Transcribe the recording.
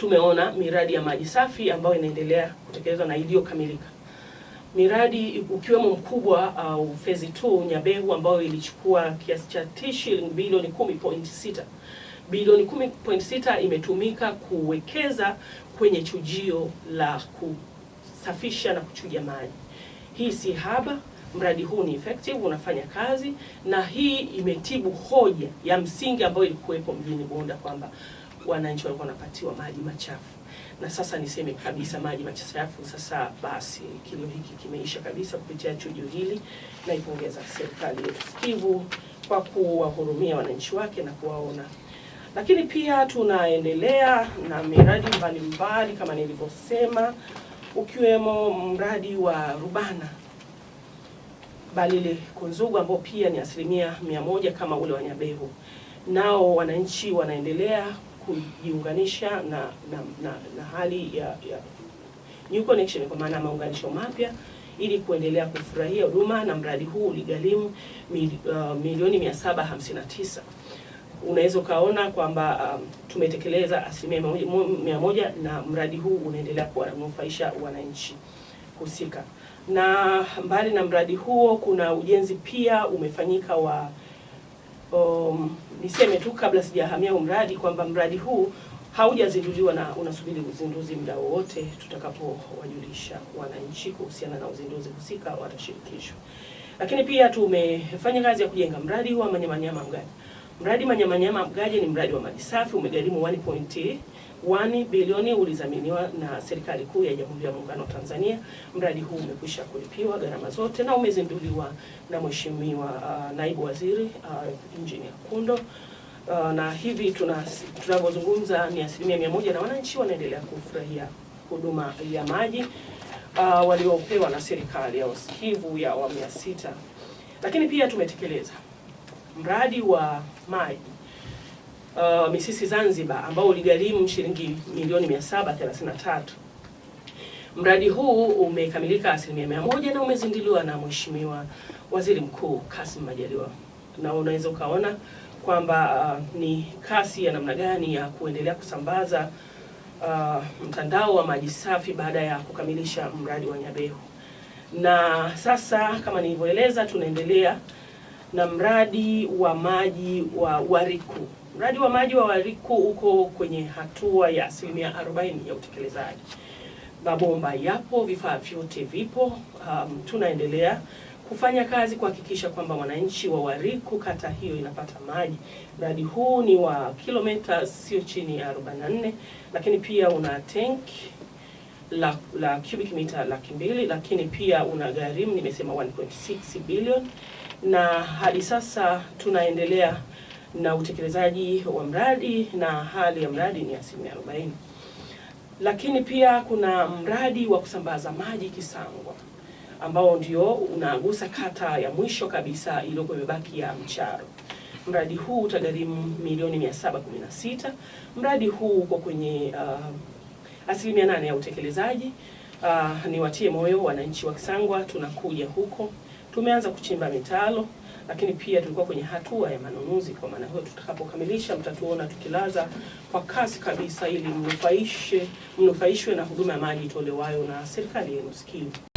tumeona miradi ya maji safi ambayo inaendelea kutekelezwa na iliyokamilika, miradi ukiwemo mkubwa au uh, phase 2 Nyabehu ambayo ilichukua kiasi cha shilingi bilioni 10.6 bilioni 10.6 imetumika kuwekeza kwenye chujio la kusafisha na kuchuja maji. Hii si haba, mradi huu ni effective, unafanya kazi, na hii imetibu hoja ya msingi ambayo ilikuwepo mjini Bunda kwamba wananchi walikuwa wanapatiwa maji machafu, na sasa niseme kabisa maji machafu sasa basi, kilio hiki kimeisha kabisa kupitia chujo hili. Naipongeza serikali yetu sikivu kwa kuwahurumia wananchi wake na kuwaona lakini pia tunaendelea na miradi mbalimbali mbali, kama nilivyosema ukiwemo mradi wa Rubana Balile Kunzugu ambao pia ni asilimia mia moja kama ule wa Nyabehu, nao wananchi wanaendelea kujiunganisha na, na, na, na hali ya, ya new connection kwa maana ya maunganisho mapya ili kuendelea kufurahia huduma na mradi huu uligharimu mil, uh, milioni 759. Unaweza ukaona kwamba um, tumetekeleza asilimia mia moja na mradi huu unaendelea kuwanufaisha wananchi husika. Na mbali na mradi huo kuna ujenzi pia umefanyika wa um, niseme tu kabla sijahamia huu mradi kwamba mradi huu haujazinduliwa na unasubiri uzinduzi muda wowote tutakapowajulisha wananchi kuhusiana na uzinduzi husika watashirikishwa. Lakini pia tumefanya kazi ya kujenga mradi huu wa Manyamanyama Mgani Mradi Manyamanyama Mgaje ni mradi wa maji safi, umegharimu 1.1 bilioni, ulizaminiwa na serikali kuu ya Jamhuri ya Muungano wa Tanzania. Mradi huu umekwisha kulipiwa gharama zote na umezinduliwa na Mheshimiwa uh, naibu waziri uh, Engineer Kundo. Uh, na hivi tunavyozungumza ni asilimia mia moja na wananchi wanaendelea kufurahia huduma ya maji uh, waliopewa na serikali ya usikivu ya awamu ya sita, lakini pia tumetekeleza mradi wa maji uh, Misisi Zanzibar ambao uligharimu shilingi milioni 733. Mradi huu umekamilika asilimia mia moja na umezinduliwa na Mheshimiwa Waziri Mkuu Kassim Majaliwa, na unaweza ukaona kwamba uh, ni kasi ya namna gani ya kuendelea kusambaza uh, mtandao wa maji safi baada ya kukamilisha mradi wa Nyabehu, na sasa kama nilivyoeleza tunaendelea na mradi wa maji wa Wariku. Mradi wa maji wa Wariku uko kwenye hatua ya asilimia 40 ya utekelezaji. Mabomba yapo, vifaa vyote vipo. Um, tunaendelea kufanya kazi kuhakikisha kwamba wananchi wa Wariku kata hiyo inapata maji. Mradi huu ni wa kilomita sio chini ya 44, lakini pia una tenki la, la cubic mita laki mbili, lakini pia una gharimu nimesema 1.6 bilioni na hadi sasa tunaendelea na utekelezaji wa mradi na hali ya mradi ni asilimia 40. Lakini pia kuna mradi wa kusambaza maji Kisangwa ambao ndio unagusa kata ya mwisho kabisa iliyoko imebaki ya Mcharo. Mradi huu utagharimu milioni 716. Mradi huu uko kwenye uh, asilimia nane ya utekelezaji. Uh, niwatie moyo wananchi wa Kisangwa, tunakuja huko. Tumeanza kuchimba mitalo, lakini pia tulikuwa kwenye hatua ya manunuzi. Kwa maana hiyo, tutakapokamilisha mtatuona tukilaza kwa kasi kabisa, ili mnufaishe mnufaishwe na huduma ya maji itolewayo na serikali yenu sikivu.